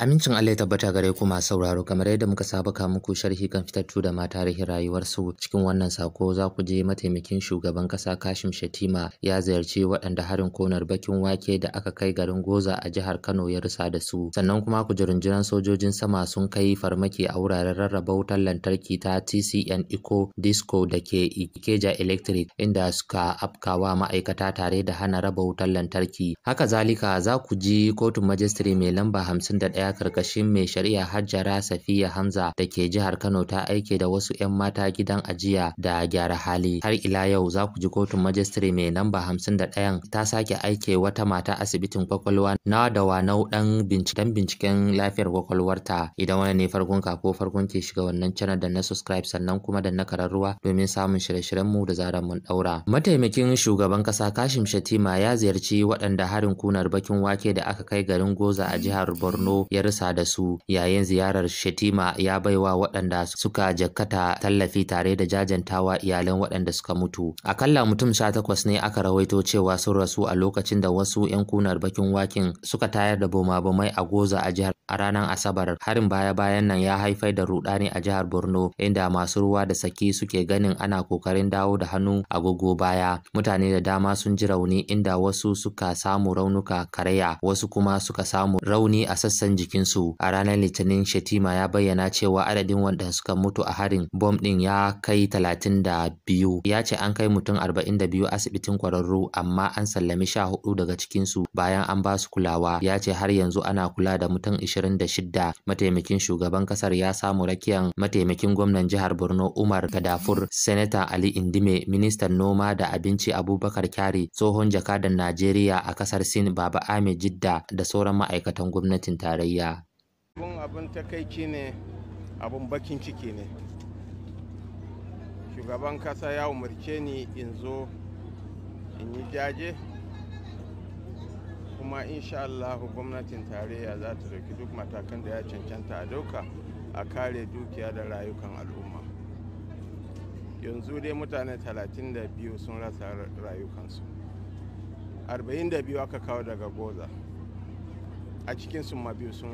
Amincin Allah ya tabbata gare ku masu sauraro kamar yadda muka saba ka muku sharhi kan fitattu da ma tarihin rayuwarsu cikin wannan sako za ku je mataimakin shugaban kasa Kashim Shatima ya ziyarci waɗanda harin konar bakin wake da aka kai garin Goza a jihar Kano ya rusa da su sannan kuma ku jirunjiran sojojin sama sun kai farmaki a wuraren rarraba wutar lantarki ta TCN Eco Disco da ke Ikeja Electric inda suka afkawa ma'aikata tare da hana raba wutar lantarki haka zalika za ku ji kotun majistare mai lamba 51 a karkashin mai shari'a Hajjara Safiya Hamza da ke jihar Kano ta aike da wasu 'yan mata gidan ajiya da gyara hali. Har ila yau za ku ji kotun majistare mai namba ɗayan ta sake aike wata mata asibitin kwakwalwa na da wanau dan binciken binciken lafiyar kwakwalwarta. Idan wani ne farkon ka ko farkon ke shiga wannan channel da na subscribe sannan kuma da na kararruwa domin samun shirye mu da zarar mun daura. Mataimakin shugaban kasa Kashim Shatima ya ziyarci waɗanda harin kunar bakin wake da aka kai garin Goza a jihar Borno ya rusa da su yayin ziyarar Shetima ya baiwa waɗanda suka jakkata tallafi tare da jajantawa iyalan waɗanda suka mutu. Akalla mutum sha takwas ne aka rawaito cewa sun rasu a lokacin da wasu 'yan kunar bakin wakin suka tayar da boma-bomai a Goza a jihar a ranar Asabar. Harin baya-bayan nan ya haifar da rudani a jihar Borno inda masu ruwa da saki suke ganin ana kokarin dawo da hannu agogo baya. Mutane da dama sun ji rauni inda wasu suka samu raunuka karaya wasu kuma suka samu rauni a sassan jiki jikinsu a ranar litinin shatima ya bayyana cewa adadin wanda suka mutu a harin bom ɗin ya kai talatin biyu ya ce an kai mutum arba'in asibitin kwararru amma an sallami sha hudu daga cikinsu bayan an ba su kulawa ya ce har yanzu ana kula da mutum ishirin da mataimakin shugaban kasar ya samu rakiyan mataimakin gwamnan jihar borno umar gadafur senator ali indime ministan noma da abinci abubakar kyari tsohon jakadan najeriya a kasar sin baba ahmed jidda da sauran ma'aikatan gwamnatin tarayya gaskiya abun abin takaici ne abun bakin ciki ne shugaban kasa ya umarce ni in zo in yi jaje kuma insha Allah gwamnatin tarayya za ta dauki duk matakan da ya cancanta a dauka a kare dukiya da rayukan al'umma yanzu dai mutane 32 sun rasa rayukansu 42 aka kawo daga goza a cikin sun ma biyu sun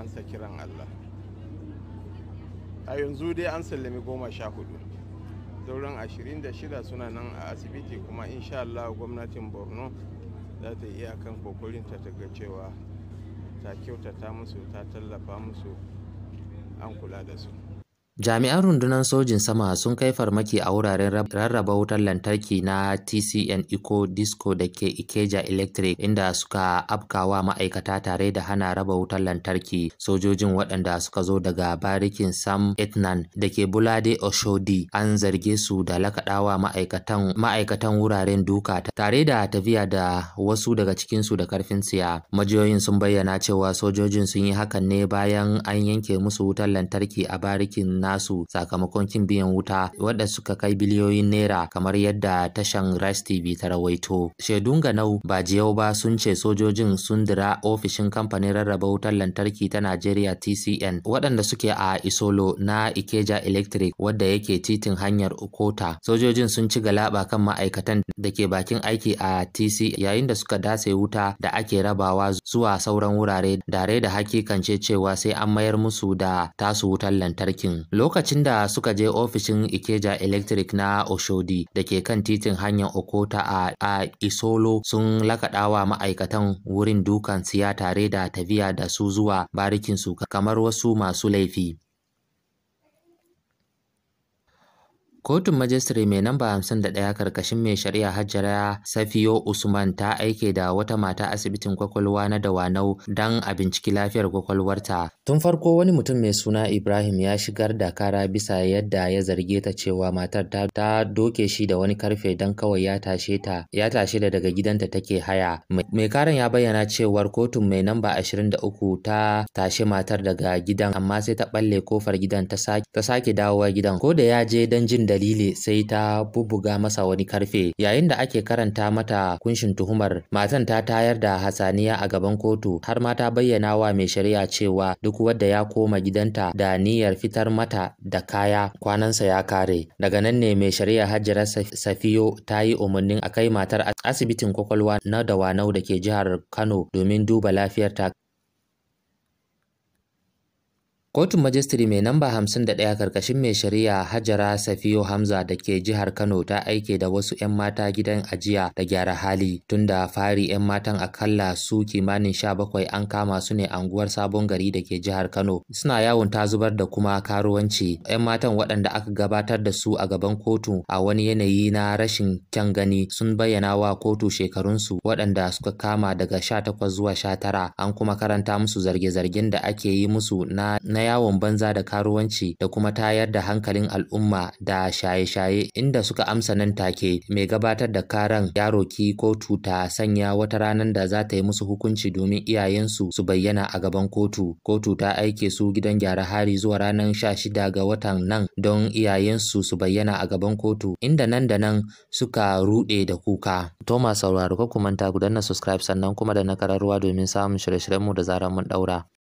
ansa kiran Allah a yanzu dai an sallami goma sha hudu sauran ashirin da shida suna nan a asibiti kuma insha Allah gwamnatin borno za ta iya kan kokarinta ta ga cewa ta kyautata musu ta tallafa musu an kula da su Jami'an Rundunar Sojin Sama sun kai farmaki a wuraren rarraba wutar lantarki na TCN Eco Disco da ke Ikeja Electric inda suka afkawa ma'aikata tare da hana raba wutar lantarki. Sojojin waɗanda suka zo daga barikin Sam Etnan da ke Bulade Oshodi an zarge su da lakaɗawa ma'aikatan ma'aikatan wuraren duka tare da tafiya da wasu daga cikinsu da karfin siya. Majiyoyin sun bayyana cewa sojojin sun yi hakan ne bayan an yanke musu wutar lantarki a barikin na nasu sakamakon kin biyan wuta wadda suka kai biliyoyin naira kamar yadda tashan Rice TV ta rawaito. Shaidun ganau ba jiyau ba sun ce sojojin sun dira ofishin kamfanin rarraba wutar lantarki ta Najeriya TCN waɗanda suke a Isolo na Ikeja Electric wadda yake titin hanyar Okota. Sojojin sun ci galaba kan ma'aikatan da ke bakin aiki a TC yayin da suka dace wuta da ake rabawa zuwa sauran wurare dare da hakikance cewa sai an mayar musu da tasu wutar lantarkin. Lokacin da suka je ofishin Ikeja Electric na Oshodi da ke kan titin hanyar Okota a, a Isolo sun lakaɗawa ma'aikatan wurin dukan siya tare da tafiya da su zuwa barikinsu kamar wasu masu laifi. Kotun Majistare mai namba 51 karkashin mai shari'a Hajjara Safiyo Usman ta aike da wata mata asibitin kwakwalwa na Dawanau don a binciki lafiyar kwakwalwarta. Tun farko wani mutum mai suna Ibrahim ya shigar da kara bisa yadda ya zarge ta cewa matar ta, ta doke shi da wani karfe don kawai ya tashe ta ya tashe da daga gidanta take haya. Mai karan ya bayyana cewar kotun mai namba 23 ta tashe matar daga gidan amma sai ta ɓalle kofar gidan ta sake dawowa gidan ko da ya je don jin dalili sai ta bubbuga masa wani karfe yayin da ake karanta mata kunshin tuhumar matan ta tayar da hasaniya a gaban kotu har ma ta bayyana wa mai shari'a cewa duk wanda ya koma gidanta da niyyar fitar mata da kaya kwanansa ya kare daga nan ne mai shari'a hajjara safiyo ta yi umarnin a kai matar asibitin kwakwalwa na dawanau da ke jihar kano domin duba lafiyarta Kotun Majistare mai namba 51 karkashin mai shari'a Hajara Safiyo Hamza da ke jihar Kano ta aike da wasu 'yan mata gidan ajiya da gyara hali tunda fari 'yan matan akalla su kimanin 17 an kama su ne anguwar sabon gari da ke jihar Kano suna yawon ta zubar da kuma karuwanci 'yan matan waɗanda aka gabatar da su a gaban kotu a wani yanayi na rashin kyan gani sun bayyana wa kotu shekarunsu waɗanda suka kama daga 18 zuwa 19 an kuma karanta musu zarge-zargen da ake yi musu na, na yawon banza da karuwanci da kuma tayar da hankalin al'umma da shaye-shaye inda suka amsa nan take mai gabatar da karan yaroki kotu ta sanya wata ranar da za ta yi musu hukunci domin iyayensu su bayyana a gaban kotu kotu ta aike su gidan gyara hari zuwa ranar 16 ga watan nan don iyayensu su bayyana a gaban kotu inda nan da nan suka rude da kuka Thomas sauraro ka kumanta ku danna subscribe sannan kuma da na kararruwa domin samun shirye-shiryenmu da zarar mun daura